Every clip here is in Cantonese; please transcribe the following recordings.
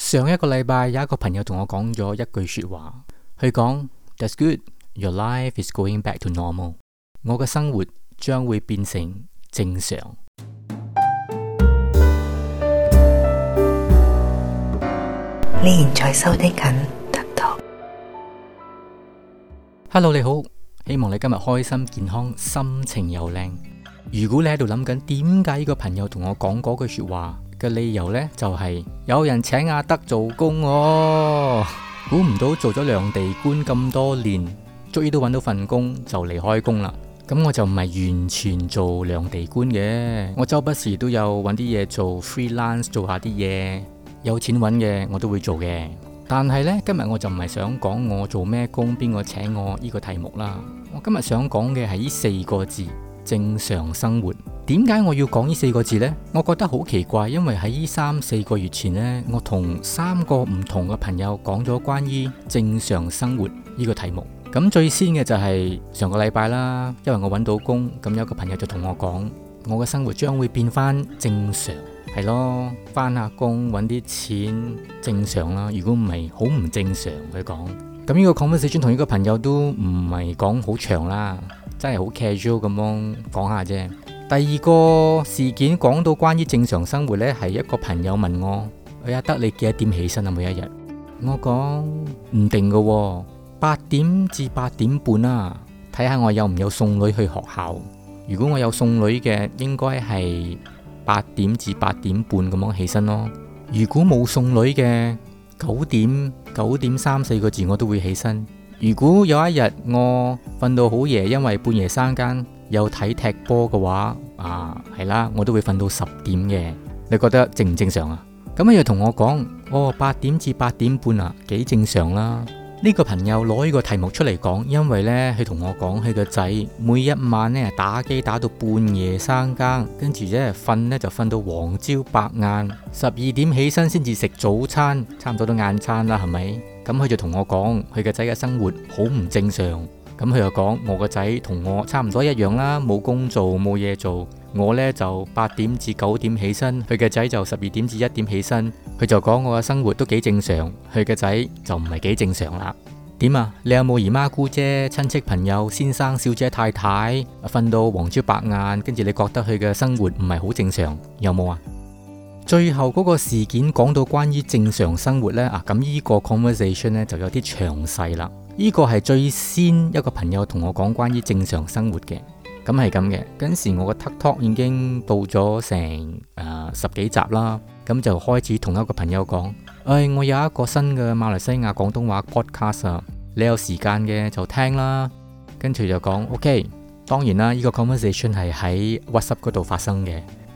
上一個禮拜，有一個朋友同我講咗一句說話，佢講：That's good, your life is going back to normal。我嘅生活將會變成正常。你現在收聽緊 Hello，你好，希望你今日開心、健康、心情又靚。如果你喺度諗緊點解呢個朋友同我講嗰句說話？嘅理由呢，就係有人請阿德做工哦，估唔到做咗量地官咁多年，終於都揾到份工就嚟開工啦。咁我就唔係完全做量地官嘅，我周不時都有揾啲嘢做 freelance 做下啲嘢，有錢揾嘅我都會做嘅。但係呢，今日我就唔係想講我做咩工、邊個請我呢個題目啦。我今日想講嘅係呢四個字：正常生活。點解我要講呢四個字呢？我覺得好奇怪，因為喺呢三四個月前呢，我同三個唔同嘅朋友講咗關於正常生活呢個題目。咁最先嘅就係上個禮拜啦，因為我揾到工，咁有一個朋友就同我講，我嘅生活將會變翻正常，係咯，翻下工揾啲錢正常啦。如果唔係，好唔正常佢講。咁呢個 conversation 同呢個朋友都唔係講好長啦，真係好 casual 咁樣講下啫。第二個事件講到關於正常生活呢係一個朋友問我，阿得你幾多點起身啊？每一日我講唔定噶、哦，八點至八點半啊，睇下我有唔有送女去學校。如果我有送女嘅，應該係八點至八點半咁樣起身咯。如果冇送女嘅，九點九點三四個字我都會起身。如果有一日我瞓到好夜，因為半夜三更。有睇踢波嘅話啊，係啦，我都會瞓到十點嘅，你覺得正唔正常啊？咁佢又同我講，哦，八點至八點半啊，幾正常啦。呢個朋友攞呢個題目出嚟講，因為呢，佢同我講，佢個仔每一晚呢打機打到半夜三更，跟住咧瞓呢，呢就瞓到黃朝白晏，十二點起身先至食早餐，差唔多都晏餐啦，係咪？咁佢就同我講，佢個仔嘅生活好唔正常。咁佢又講，我個仔同我差唔多一樣啦，冇工做，冇嘢做。我呢就八點至九點起身，佢嘅仔就十二點至一點起身。佢就講我嘅生活都幾正常，佢嘅仔就唔係幾正常啦。點啊？你有冇姨媽姑姐、親戚朋友、先生小姐太太？瞓到黃朝白晏，跟住你覺得佢嘅生活唔係好正常，有冇啊？最後嗰個事件講到關於正常生活呢，啊，咁、這、依個 conversation 呢就有啲詳細啦。呢、這個係最先一個朋友同我講關於正常生活嘅，咁係咁嘅。嗰陣時我個 Tuck Talk 已經到咗成誒、呃、十幾集啦，咁、嗯、就開始同一個朋友講：誒、哎、我有一個新嘅馬來西亞廣東話 podcast，你有時間嘅就聽啦。跟住就講：OK，當然啦，呢、這個 conversation 係喺 WhatsApp 嗰度發生嘅。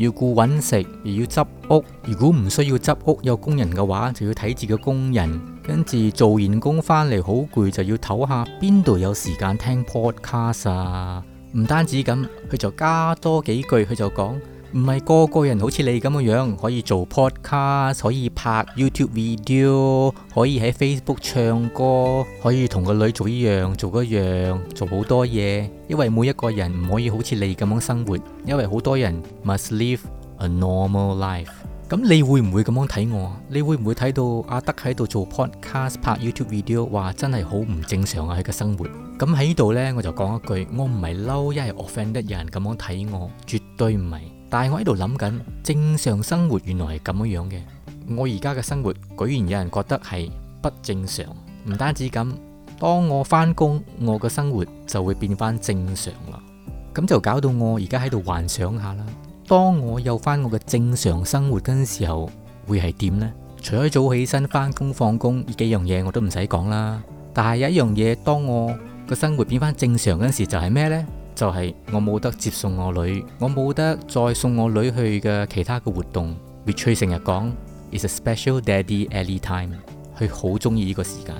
要顧搵食，又要執屋。如果唔需要執屋，有工人嘅話，就要睇住個工人。跟住做完工返嚟好攰，就要唞下。邊度有時間聽 podcast 啊？唔單止咁，佢就加多幾句，佢就講。唔係個個人好似你咁樣，可以做 podcast，可以拍 YouTube video，可以喺 Facebook 唱歌，可以同個女做依樣做嗰樣，做好多嘢。因為每一個人唔可以好似你咁樣生活，因為好多人 must live a normal life。咁你會唔會咁樣睇我？你會唔會睇到阿德喺度做 podcast、拍 YouTube video？哇，真係好唔正常啊！佢嘅生活咁喺度呢，我就講一句，我唔係嬲，因為我 friend 得人咁樣睇我，絕對唔係。但係我喺度諗緊，正常生活原來係咁樣嘅。我而家嘅生活，居然有人覺得係不正常。唔單止咁，當我翻工，我嘅生活就會變翻正常啦。咁就搞到我而家喺度幻想下啦。當我有翻我嘅正常生活嗰陣時候，會係點呢？除咗早起身翻工放工呢幾樣嘢，我都唔使講啦。但係有一樣嘢，當我個生活變翻正常嗰陣時，就係咩呢？就係我冇得接送我女，我冇得再送我女去嘅其他嘅活動。Which 成日講 It's a special daddy early time，佢好中意呢個時間。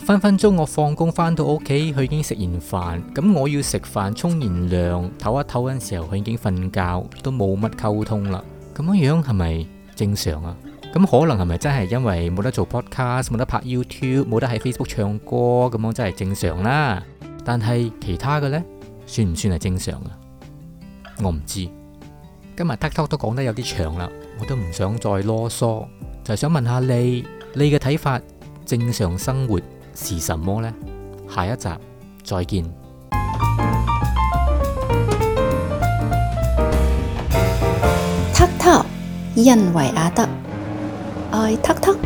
分分鐘我放工翻到屋企，佢已經食完飯，咁我要食飯、沖完涼、唞一唞嗰陣時候，佢已經瞓覺，都冇乜溝通啦。咁樣樣係咪正常啊？咁可能係咪真係因為冇得做 podcast、冇得拍 YouTube、冇得喺 Facebook 唱歌咁樣，真係正常啦，啊？但係其他嘅呢？算唔算係正常啊？我唔知。今日 talk talk 都講得有啲長啦，我都唔想再囉嗦，就係、是、想問下你，你嘅睇法，正常生活是什麼呢？下一集再見。talk talk，因為阿德愛 talk talk。